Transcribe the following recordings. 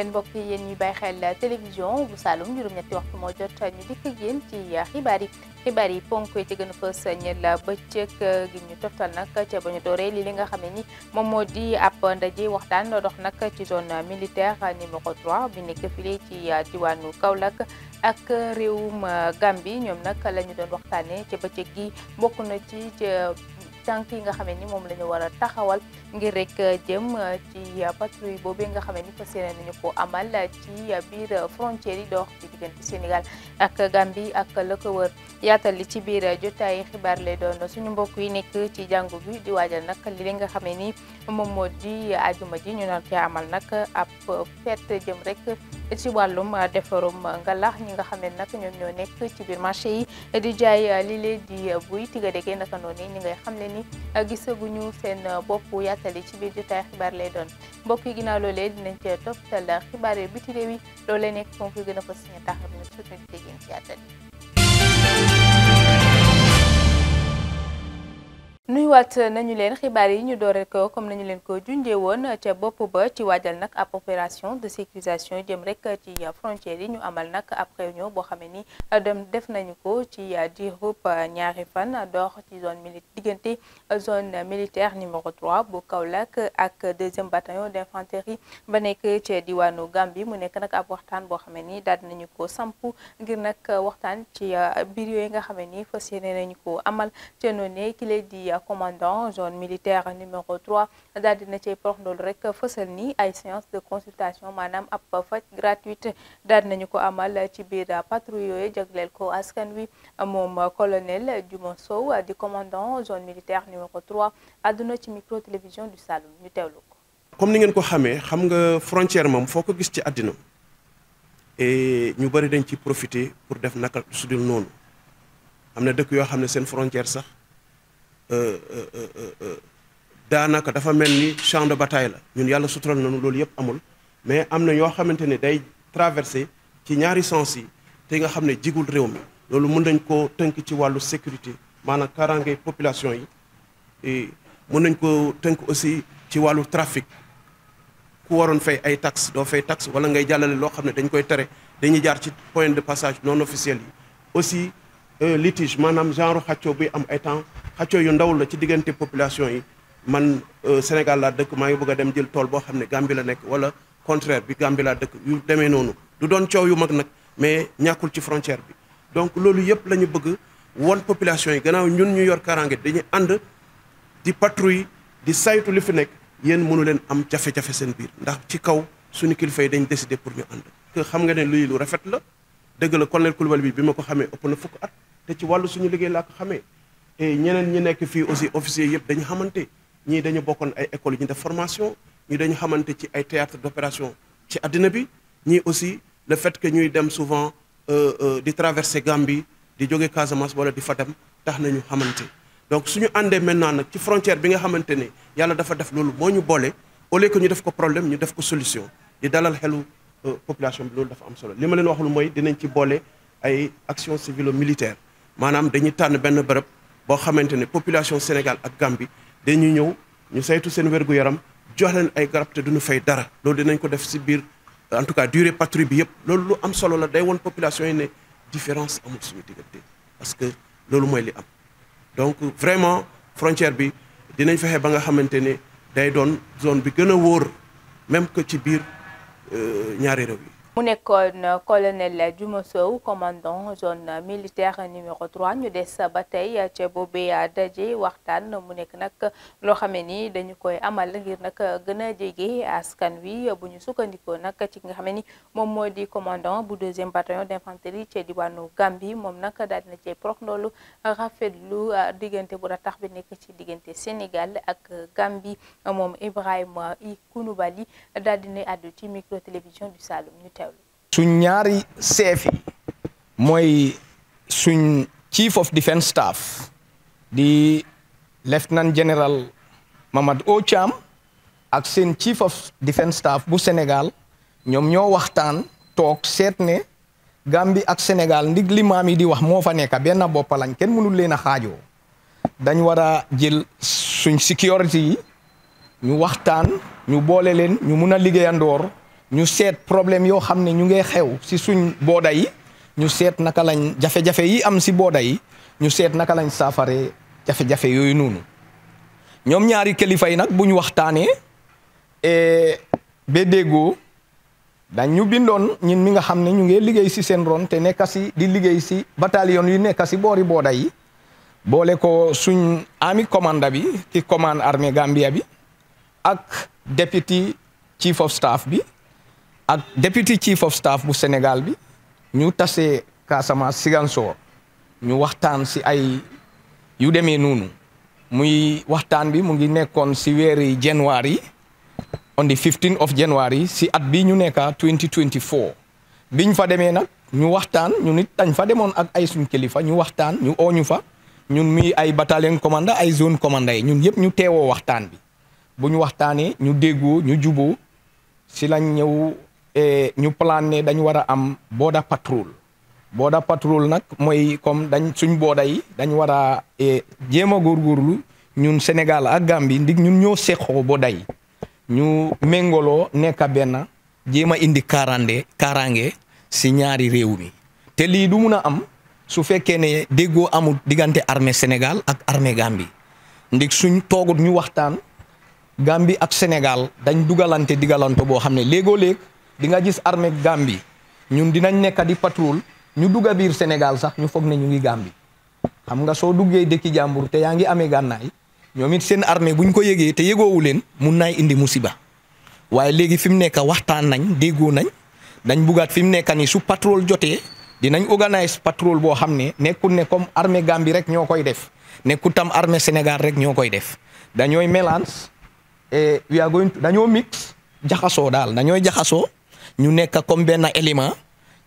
leen mbokk yi yéen ñuy bàyyi xel télévision bu Saloum juróom-ñetti waxtu moo jot ñu dikk ak yéen ci xibaar yi xibaar yi ponk yi ci gën a fës ñeel bëccëg gi ñu toftal nag ca ba ñu dooree li li nga xam ne ni moom moo di ab ndaje waxtaan dox nag ci zone militaire numéro 3 bi nekk file ci diwaanu Kaolack ak réewum Gambie ñoom nag lañu doon waxtaanee ci bëccëg gi bokk na ci tànk yi nga xamee ni moom la ñu war a taxawal ngir rek euh, jëm euh, ci euh, patrouille boobu nga xamee ni fas yéene nañu ko amal ci biir frontière yi dox ci diggante Sénégal ak Gambie ak la ko wër yaatal li ci biir jotaay xibaar lay doon suñu mbokk yi nekk ci jàngu bi di waajal nag li nga xame ni. moom moo di ajuma ji ñu nar ci amal nag ab fête jëm rek ci wàllum defarum lax ñi nga xam ne nag ñoom ñoo nekk ci biir marché yi di jaay lile di buy tigadege naka noonu ñi ngay xam ne ni gisaguñu seen bopp yattali ci biir jotaay xibaar lay doon mbokk yi ginnaaw loolee dinañ ci toftal xibaar yi biti réew yi loolee nekk foofu gën a fas yéene taxaw na ci yaatali nuyuwaat nañu leen xibaar yi ñu doore ko comme nañu leen ko junjee woon ca bopp ba ci waajal nag ab opération de sécurisation jëm rek ci frontières yi ñu amal nag ab réunion boo xamee ni dem def nañu ko ci diirub ñaari fan dox ci zone mili diggante zone militaire numéro 3 bu Kaolack ak deuxième bataillon d'infanterie ba nekk ci diwaanu Gambie mu nekk nag ab waxtaan boo xam ne ni daad nañu ko samp ngir nag waxtaan ci biir yooyu nga xam ne ni fas yéene nañu ko amal te noonu commandant zone militaire numéro 3 daal dina cay porndol rek ni ay séance de consultation Madame ab gratuite daal nañu ko amal ci biir patrouille yooyu jagleel ko askan wi colonel Juma Sow di commandant zone militaire numéro 3 à ci micro télévision du salon. ñu teewlu ko. comme ni ngeen ko la xam nga frontière est foo ko gis et nous bëri profiter pour def naka su nous noonu am na dëkk yoo Euh, euh, euh, daanaka dafa mel ni champ de bataille la ñun yàlla sutural nañu loolu yëpp amul mais am na ñoo xamante ne day traversé ci ñaari sens yi tey nga xam ne jigul réew mi loolu mun nañ ko tënk ci wàllu sécurité maanaam kaaraange population yi mën nañ ko tënk aussi ci wàllu trafic ku waroon fay ay taxes doo fay taxe wala ngay jàllale loo xam ne dañ koy tere dañuy jaar ci point de passage non officiel yi aussi litige maanaam genre xàccoo buy am ay temps xaccoo yu ndawul la ci diggante population yi man euh, Sénégal laa dëkk maa ngi bëgg a dem jël tool boo xam ne Gambie la nekk wala contraire bi Gambie laa dëkk yu demee noonu du doon coow yu mag nag mais ñàkkul ci frontière bi donc loolu yëpp lañu bëgg won population yi gannaaw ñun ñu yor kaaraange dañuy ànd di patrouille di saytu lu fi nekk yéen mënu leen am jafe-jafe seen biir ndax ci kaw suñu kilifa yi dañ décidé pour ñu ànd que xam nga ne luy lu rafet la dëgg la colonel Coulibaly bi bi ma ko xamee ëpp na fukk at ci wàllu suñu liggéey laa ko et ñeneen ñi nekk fii aussi officiers yëpp dañu xamante ñii dañu bokkoon ay écoles yi de formation ñii dañu xamante ci ay théâtre d'opération ci àddina bi ñii aussi le fait que ñuy dem souvent euh, euh, di traverser Gambie di jóge Casamance wala di fatam tax nañu xamanté donc suñu andé maintenant nak ci frontière bi nga xamanté ne yalla dafa def loolu bo ñu bolé au lieu que ñu def ko problème ñu def ko solution di dalal xelu euh, population bi loolu dafa am solo li leen waxul moy dinañ ci bolé ay action civilo militaire manam dañuy tànn ben bërëb la population Sénégal ak Gambie nous ñëw ñu saytu yaram jox avons dara loolu nous ko def biir en tout cas durée patrie, bi la population yi différence parce que loolu mooy li am donc vraiment frontière bi dinañ fexe ba nga xamante day zone même que ci euh, mu euh, colonel du commandant zone euh, militaire numéro 3 ñu des ba tey ca boobee euh, daje waxtaan mu nekk nag loo amal ngir nag gën a askan commandant bu deuxième bataillon d'infanterie ca Gambi, Gambie moom nag daal dina Digente prox rafetlu Sénégal ak Gambi, mon Ibrahim, Ikunubali, daal dina micro télévision du salon. suñ ñaari chef mooy suñ chief of defence staff di lieutenant general Mamad O Cham ak seen chief of defence staff bu Sénégal ñoom ñoo waxtaan toog seet ne Gambie ak senegal ndig li yi di wax moo fa nekk benn bopp kenn mënul leen a xaajoo dañ war a jël suñ security yi ñu waxtaan ñu boole leen ñu mun a liggéeyandoor ñu seet problème yoo xam ne ñu ngi xew si suñ booda yi ñu seet naka lañ jafe-jafe yi am si booda yi ñu seet naka lañ saafare jafe-jafe yooyu noonu ñoom ñaari kilifa yi nag bu ñu waxtaanee e, ba déggoo dañ ñu bindoon ñin mi nga xam ne ñu ngi liggéey si seen ron te nekk si di liggéey si bataillon yu nekk si boori booda yi boole ko suñ ami commanda bi ki commande armée Gambia bi ak député chief of staff bi ak deputy chief of staff bu Senegal bi ñu tassé kasama siganso ñu waxtaan si ay yu démé noonu muy waxtaan bi mu ngi nekkon ci wéri January on the 15 of January si at bi ñu nekka 2024 biñ fa démé nak ñu waxtaan ñu nit tañ fa démon ak ay sun kelifa ñu waxtaan ñu oñu fa ñun mi ay battalion komanda ay zone commander yi ñun yépp ñu téwo waxtaan bi bu ñu waxtaanee ñu déggo ñu juboo ci lañ ñew Eh, ñu plan ne dañ war a am border patrol border patrol nag mooy comme dañ suñ booda yi dañ war a eh, jéem a góorgóorlu ñun senegal ak Gambie ndig ñun ñoo seqoo booda yi ñu méngoloo nekk benn jéem a indi kaaraande kaaraange si ñaari réew mi te lii du mun a am su fekkee ne déggoo amul diggante armée Sénégal ak armée Gambie ndig suñ toogut ñu waxtaan Gambie ak senegal dañ dugalante digalanto boo xam ne léegoo léeg di nga gis armée Gambie ñun dinañ nekk di patrouille ñu dugg biir Sénégal sax ñu foog ne ñu ngi Gambie xam nga soo duggee dekki jàmbur te yaa ngi amee gànnaay ñoom it seen armée buñ ko yëgee te yëgoowu leen mun naay indi musiba waaye léegi fi mu nekk waxtaan nañ déggoo nañ dañ bugaat fi mu nekk ni su patrol jotee dinañ organise patrol boo xam ne nekkul ne comme armée Gambie rek ñoo koy def nekkul tam armee Sénégal rek ñoo koy def dañooy mélange et we dañoo mix jaxasoo daal dañooy jaxasoo. ñu nekk comme ben élément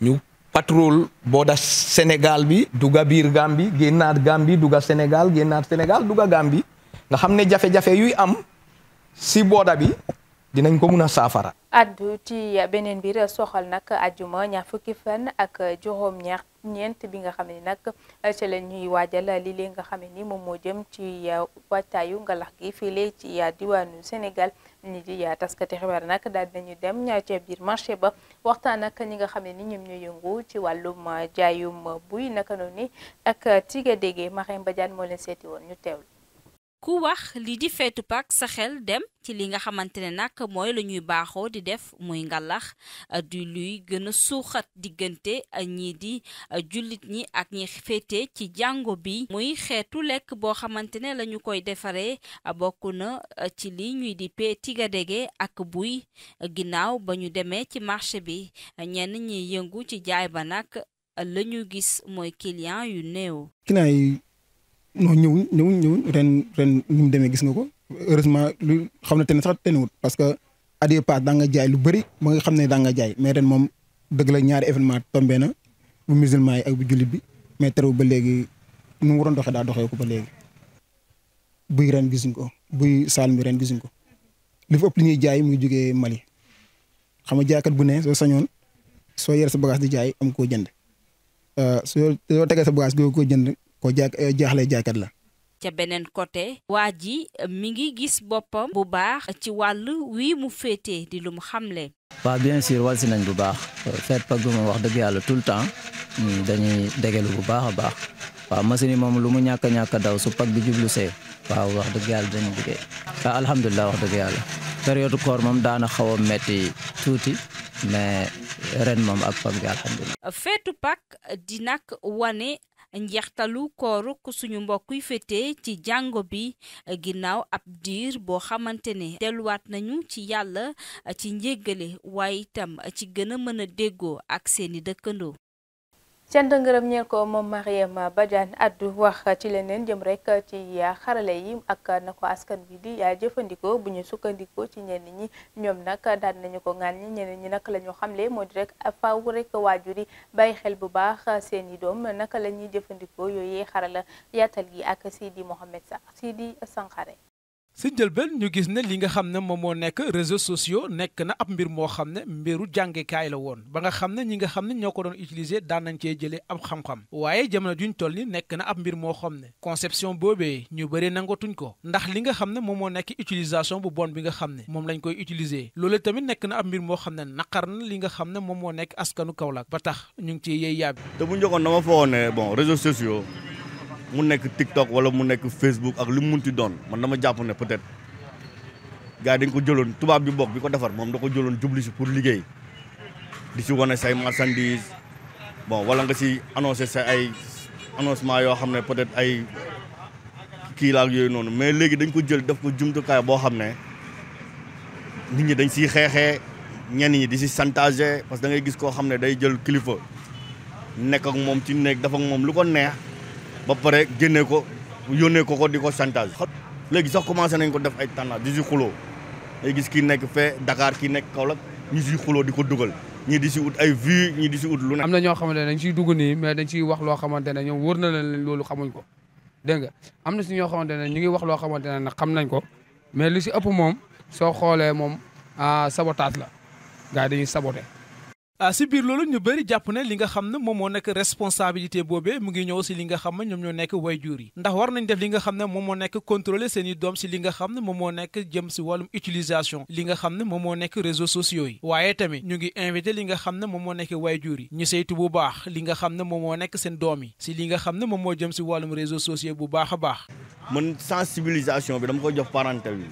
ñu patrol da Sénégal bi duga Bir Gambie génnaat Gambie duga Sénégal gennat Sénégal duga gambi nga xamné jafé jafé yu am si booda bi dinañ ko mëna safara addu ti benen bir soxal nak aljuma ñaar fukki fan ak juróom ñaar ñent bi nga xam nak ci la ñuy wajjal li li nga xam ne mo jëm ci wataayu ngalax gi fii ci diwanu Sénégal. ñi di yaa taskati xibaar nag daal nañu dem ca biir marché ba waxtaan ak ñi nga xam ne ni ñoom ñu yëngu ci wàllu wàllum jaayum buy naka noonu ni ak tigadége ba Badiane moo leen seeti woon ñu teewlu ku wax li di feetu pak sa xel dem ci li nga xamante ne nag mooy la ñuy baaxoo di def muy ngalax euh, du luy gën a suuxat diggante euh, ñii di euh, jullit ñi ak ñi féete ci jàngo bi muy xeetu lekk boo xamante ne la koy defaree bokk na ci li ñuy di pee tigadege ak buy ginnaaw ba ñu demee ci marché bi ñenn ñi yëngu ci jaay ba nag lañu gis mooy client yu néew. non ñëwuñ ñëwuñ ñëwuñ ren ren ni mu demee gis nga ko heureusement lu xam ne ten sax tenewut parce que at yii pass daa jaay lu bëri ba nga xam ne daa jaay mais ren moom dëgg la ñaari événement tombé na bu musulman yi ak bu jullit bi mais terewul ba léegi nu mu waroon doxee daa doxee ko ba léegi. buy ren gisuñ ko buy saal mi ren gisuñ ko li fa ëpp li ñuy jaay mu ngi jógee Mali xam nga jaaykat bu ne soo sañoon soo yore sa bagage di jaay am koo jënd euh, soo soo tegee sa bagage doo koo jënd. ko ja eh, jaaxle jaaykat la. ca beneen côté. waa ji eh, mi ngi gis boppam. bu baax ci wàll wii mu féetee di lu mu xamle. waaw bien sûr wal si nañ bu baax feet pag bi moom wax dëgg yàlla tout le temps dañuy dégelu bu baax a baax waaw machine yi moom lu mu ñàkk ñàkk daw su pag bi jublu see waaw wax dëgg yàlla dañuy liggéey waaw wax dëgg yàlla période koor moom daana xaw a metti tuuti mais ren moom ak alhamdulilah. feetu pag di nag wane njeextalu kooru suñu mbokk yu féete ci jàngo bi ginnaaw ab diir boo xamante ne delluwaat nañu ci yàlla ci njéggale waaye itam ci gën a mën a déggoo ak seeni dëkkandoo cant ngërëm ñeel ko moom Mariama Badiane addu wax ci leneen jëm rek ci xarale yi ak na ko askan wi di jëfandikoo bu ñu sukkandikoo ci ñenn ñi ñoom nag daan nañu ko ŋaan ñi ñeneen ñi nag la ñu xamle moo di rek faaw rek waajur yi bàyyi xel bu baax seen i doom naka la ñuy jëfandikoo yooyee xarala yatal gi ak Sidi Mohamed Sa di Sankhare si njëlbeen ñu gis ne li nga xam ne moom moo nekk réseaux sociaux nekk na ab mbir moo xam ne mbiru jàngekaay la woon ba nga xam ne ñi nga xam ne ñoo ko doon utiliser daan nañ cee jëlee ab xam-xam waaye jamono juñ toll ni nekk na ab mbir moo xam ne conception boobee ñu bëri nangatuñ ko ndax li nga xam ne moom moo nekk utilisation bu bon bi nga xam ne moom lañ koy utiliser loolu tamit nekk na ab mbir moo xam ne naqar na li nga xam ne moom moo nekk askanu Kaolack ba tax ñu ngi ciy yey yàbbi. te bu njëkkoon dama foogoon ne bon réseaux mu nekk TikTok wala mu nekk Facebook ak lu mu munti doon man dama japp ne peut-être gaay dañ ko jëlone tubaab bi bok biko defar mom da ko pour liggéey di ci woné say marchandise bon wala nga ci annoncer say ay annoncement yo xamné peut-être ay la ak yoy non mais légui dañ ko jël daf ko kay bo ne nit ñi dañ ci xexé ñen ñi di si santager parce que da ngay gis ko xamné ne day jël kilifa nek ak mom ci nek dafa ak mom lu ko neex. ba pare génnee ko yónnee ko ko di ko chantage. léegi sax commencé nañ ko def ay tànnaat di si xuloo ngay gis kii nekk fee dakaar ki nekk Kaolack ñu si xuloo di ko dugal ñii di si ut ay vues ñii di si ut lu ne. am na ñoo xamante ne dañ siy dugg nii mais dañ siy wax loo xamante ne ñoom wóor na leen loolu xamuñ ko dégg nga am na si ñoo xamante ne ñu ngi wax loo xamante ne nag xam nañ ko mais lu si ëpp moom soo xoolee moom ah, sabotage la gars yi dañuy saboté. Ah, si biir loolu ñu bëri jàpp ne li nga xam ne moom moo nekk responsabilité boobee mu ngi ñëw si li nga xam ne ñoom ñoo nekk jur yi ndax war nañ def li nga xam ne moom moo nekk contrôler seen i doom si li nga xam ne moom moo nekk jëm si li nga xam ne moom moo nekk réseaux sociaux yi waaye tamit ñu ngi invité li nga xam ne moom moo way jur yi ñu saytu bu baax li nga xam ne moom moo nekk seen doom yi si li nga xam ne moom moo jëm si wàllum réseaux sociaux bu baax a baax man sensibilisation bi dama ko jox parental bi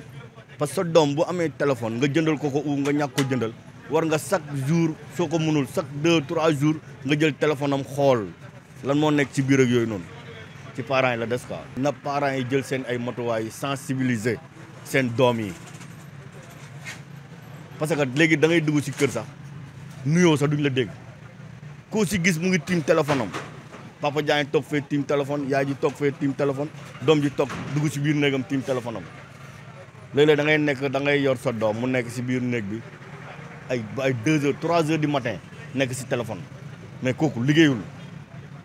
parce que doom bu amee téléphone nga jëndal ko ko nga ñàkk jëndal war nga chaque jour soo ko mënul chaque deux trois jours nga jël téléphone am xool lan moo nekk ci biir ak yooyu noonu ci parents yi la des quoi. na parents yi jël seen ay matuwaay sensibiliser seen doom yi parce que léegi da ngay dugg ci kër sax nuyoo sax duñ la dégg koo ci gis mu ngi tiim téléphone am papa jaa ngi toog fee tiim téléphone yaay ji toog fee tiim téléphone doom ji toog dugg ci biir néegam tiim téléphone am léeg-léeg da ngay nekk da ngay yor sa doom mu nekk si biir néeg bi. ay ay deux heures trois heures di matin nekk si téléphone mais kooku liggéeyul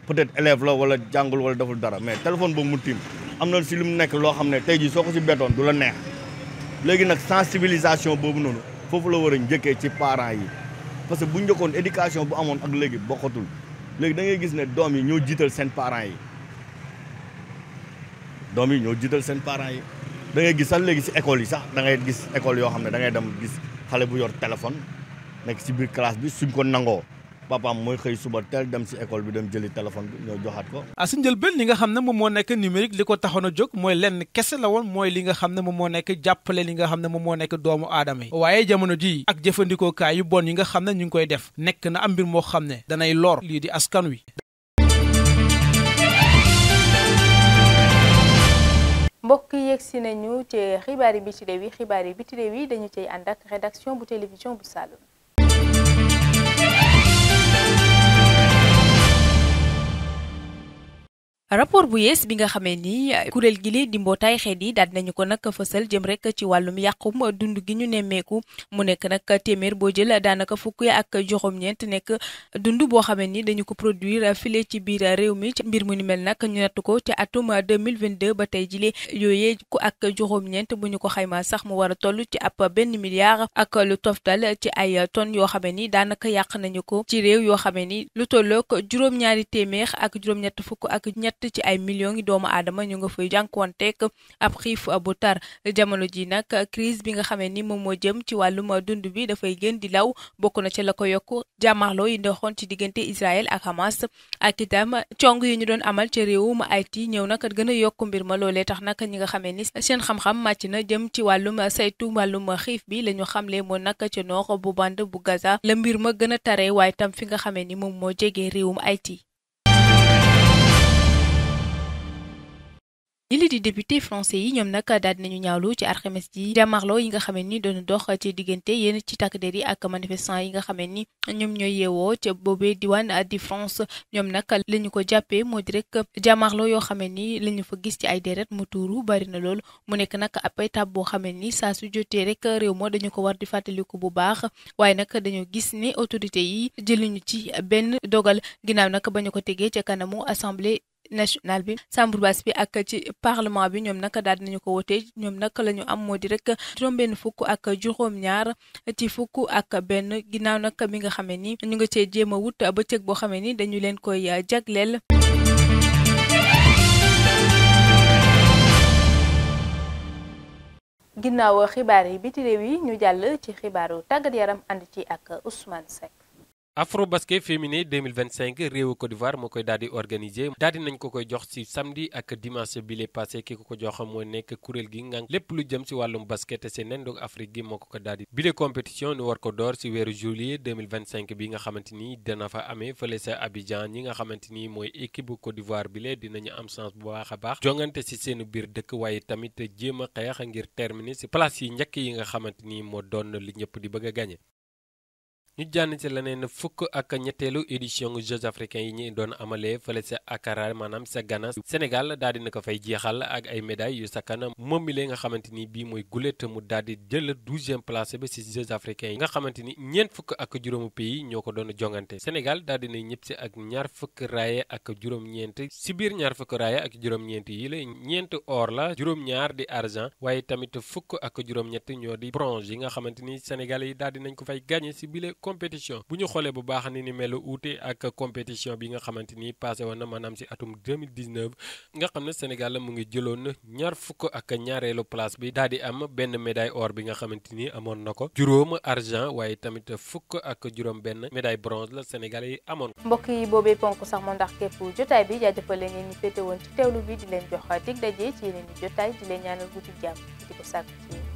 peut-être élève la wala jàngul wala deful dara mais téléphone boobu mu tiim am na si lu mu nekk loo xam ne tey jii soo ko si bettoon du la neex léegi nag sensibilisation boobu noonu foofu la war a njëkkee ci parents yi parce que bu njëkkoon éducation bu amoon ak léegi bokkatul léegi da ngay gis ne doom yi ñoo jiital seen parents yi doom yi ñoo jiital seen parents yi da ngay gis si école yi sax da ngay gis école yoo xam ne da ngay dem xale bu yor téléphone nekk si biir classe bi suñ ko nangoo papaam mooy xëy suba teel dem si école bi dem jëli téléphone bi ñoo joxaat ko. ah si njëlbéen li nga xam ne moom moo nekk numérique li ko taxoon a jóg mooy lenn kese la woon mooy li nga xam ne moom moo nekk jàppale li nga xam ne moom moo nekk doomu aadama yi. waaye jamono jii ak jëfandikookaay yu bon yi nga xam ne ñu ngi koy def nekk na am mbir moo xam ne danay loor lii di askan wi. mbokk yi yegsi nañu ci xibaari de réew yi xibaari la rédaction télévision bu rapport bu yees bi nga xamee ni kuréel gi lii di mbootaay xeet yi daal nañu ko nag fësal jëm rek ci wàllum yàqum dund gi ñu nemmeeku mu nekk nag téeméer boo jël daanaka fukk ak joxoom ñeent nekk dund boo xamee ni dañu ko produire file ci biir réew mi ci mbir mu ni mel nag ñu ko ci atum 2022 ba tey jile yooyee ku ak juróom-ñeent bu ñu ko xayma sax mu war a toll ci ab benn milliard ak lu toftal ci ay tonnes yoo xamee ni daanaka yàq nañu ko ci réew yoo xamee ni lu tollook juróom téeméer ak juróom-ñett ak ñett at ci ay million yi doomu aadama ñu nga fay jànkuwanteeg ab xiif bu tar jamono ji nag crise bi nga xamee ni moom moo jëm ci wàllum dund bi dafay gën di law bokk na ci la ko yokk jàmmaarloo yi ndoxoon ci diggante Israël ak Hamas ak itam cong yi ñu doon amal ci réewum Haïti ñëw nag gën a yokk mbir ma loolee tax nag ñi nga xamee ni seen xam-xam màcc na jëm ci wàllum saytu wàllum xiif bi la ñu xamle moo nag ca noor bu band bu Gaza la mbir ma gën a tare waaye fi nga xamee ni moom moo jege réewum Haïti ñi li di député français yi ñoom nag daal dinañu ñaawlu ci alxames ji jàmmarloo yi nga xamee ni doon dox ci diggante yéen ci takk der yi ak manifestant yi nga xamee ni ñoom ñooy yeewoo ca boobee diwaan di France ñoom nag la ñu ko jàppee moo di rek jàmmarloo yoo xamee ni la ñu fa gis ci ay deret mu tuuru bari na lool mu nekk nag ab étape boo xamee ni saa su jotee rek réew ma dañu ko war di fàttaliku bu baax waaye nag dañoo gis ni autorité yi jëluñu ci benn dogal ginnaaw nag ba ñu ko tegee ca kanamu assemblée national bi chambre bi ak ci parlement bi ñoom naka daal dinañu ko wootee ñoom naka lañu ñu am moo di rek juróom-benn fukk ak juróom-ñaar ci fukk ak benn ginnaaw nag mi nga xamee ni ñu nga cee jéem a wut bëccëg boo xamee ni dañu leen koy jagleel. ginnaaw xibaar yi biti réew yi ñu jàll ci xibaaru tàggat yaram ànd ci ak Ousmane Seck. Afrobasket féminin 2025 réewu Côte d'Ivoire moo koy daal di organiser daal di nañ ko jox ci samedi ak dimanche bi lay passé ki ko ko jox nekk kuréel gi nga lépp lu jëm ci wàllum basket seen ndog Afrique ko ko daal di bile compétition ñu war ko door ci weeru juillet 2025 bi nga xamante ni dana fa amee fële sa Abidjan ñi nga xamante ni mooy équipe bu Côte d'Ivoire bi lee am chance bu baax a baax jongante ci seen biir dëkk waaye tamit jéem a xeex ngir terminer ci place yi njëkk yi nga xamante ni moo doon li ñëpp di bëgg a ñu jànn ci leneen ne fukk ak ñetteelu édition Jeux africains yi ñu doon amalee fële sa Akara maanaam sa gana Sénégal daal dina ko fay jeexal ak ay médailles yu sakkan moom mi lee nga xamante ni bii mooy gulet mu daal di jël douzième place bi si Jeux africains yi nga xamante ni ñeent fukk ak juróomu pays ñoo ko doon jongante Sénégal daal dina ñëpp si ak ñaar fukk raaye ak juróom-ñeent si biir ñaar fukk ak juróom-ñeent yi la ñeent or la juróom-ñaar di argent waaye tamit fukk ak juróom-ñett ñoo di yi nga xamante ni Sénégal yi daal dinañ ko fay gagné si compétition bu ñu xoolee bu baax ni ni mel uute ak compétition bi nga xamante ni passé woon na maanaam si atum 2019 nga xam ne Sénégal mu ngi jëloon ñaar fukk ak ñaareelu place bi daal di am benn médaille or bi nga xamante ni amoon na ko juróom argent waaye tamit fukk ak juróom benn médaille bronze la Sénégal yi amoon. mbokk yi boobee ponk sax moo ndax képp jotaay bi jaajëfal ngeen ñu féete woon ci teewlu bi di leen jox dig daje ci yeneen i jotaay di